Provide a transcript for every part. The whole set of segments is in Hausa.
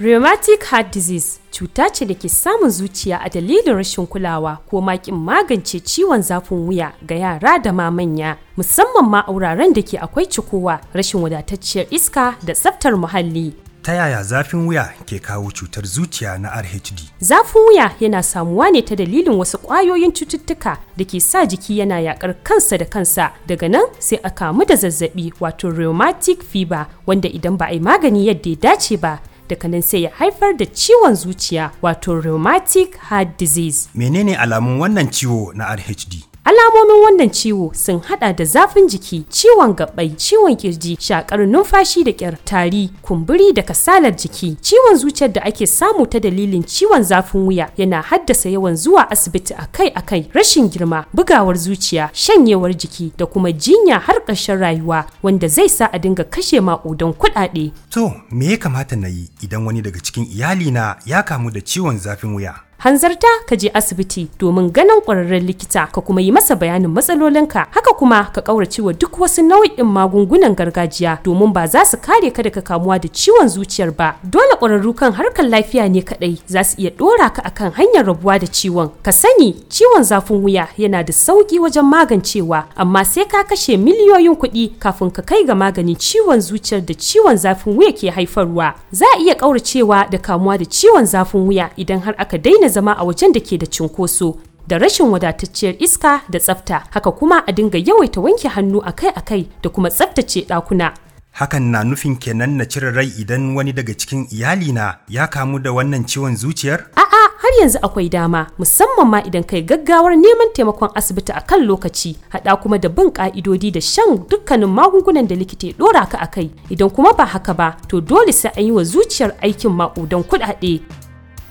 rheumatic heart disease cuta ce da ke samun zuciya a dalilin rashin kulawa ko makin magance ciwon zafin wuya ga yara da ma manya musamman ma a wuraren da ke akwai cikowa rashin wadatacciyar iska da tsaftar muhalli ta yaya zafin wuya ke kawo cutar zuciya na RHD? Zafin wuya yana samuwa ne ta dalilin wasu ƙwayoyin cututtuka da ke sa jiki yana yakar kansa da kansa daga nan sai a kamu da zazzabi wato rheumatic fever wanda idan ba a yi magani yadda ya dace ba daga nan sai ya haifar da ciwon zuciya wato rheumatic heart disease menene alamun wannan ciwo na rhd Alamomin wannan ciwo sun hada da zafin jiki, ciwon gabbai ciwon kirji, shakar numfashi da kyar, tari, kumburi da kasalar jiki. Ciwon zuciyar da ake samu ta dalilin ciwon zafin wuya yana haddasa yawan zuwa asibiti akai-akai, rashin girma, bugawar zuciya, shanyewar jiki da kuma jinya har ƙarshen rayuwa wanda zai sa a dinga kashe maƙudan kuɗaɗe. To, me ya kamata na yi idan wani daga cikin iyalina ya kamu da ciwon zafin wuya? hanzarta ka je asibiti domin ganin ƙwararren likita ka kuma yi masa bayanin matsalolinka haka kuma ka ƙaurace wa duk wasu nau'in magungunan gargajiya domin ba za su kare ka daga kamuwa da ciwon zuciyar ba dole ƙwararru kan harkar lafiya ne kaɗai za su iya ɗora ka akan hanyar rabuwa da ciwon ka sani ciwon zafin wuya yana da sauƙi wajen magancewa amma sai ka kashe miliyoyin kuɗi kafin ka kai ga maganin ciwon zuciyar da ciwon zafin wuya ke haifarwa za a iya ƙauracewa da kamuwa da ciwon zafin wuya idan har aka daina daina zama a wajen da ke da cunkoso da rashin wadatacciyar iska da tsafta haka kuma a dinga yawaita wanke hannu akai-akai da kuma tsaftace ɗakuna. Hakan na nufin kenan na cire rai idan wani daga cikin iyalina ya kamu da wannan ciwon zuciyar? A'a har yanzu akwai dama musamman ma idan kai gaggawar neman taimakon asibiti a kan lokaci haɗa kuma da bin ƙa'idodi da shan dukkanin magungunan da likita ya ɗora ka akai idan kuma ba haka ba to dole sai an yi wa zuciyar aikin maƙudan kuɗaɗe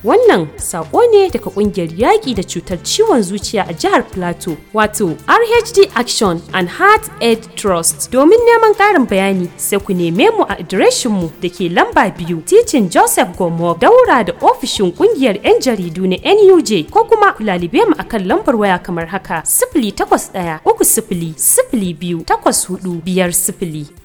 Wannan sako ne daga ƙungiyar yaƙi da cutar ciwon zuciya a jihar Plateau, wato RHD Action and Heart Aid Trust. Domin neman ƙarin bayani sai ku neme mu a mu da ke lamba biyu titin Joseph Gomo daura da ofishin ƙungiyar 'yan jaridu na NUJ ko kuma ku lalibe mu akan lambar waya kamar haka sifili takwas ɗaya uku sifili sifili biyu takwas hudu biyar sifili.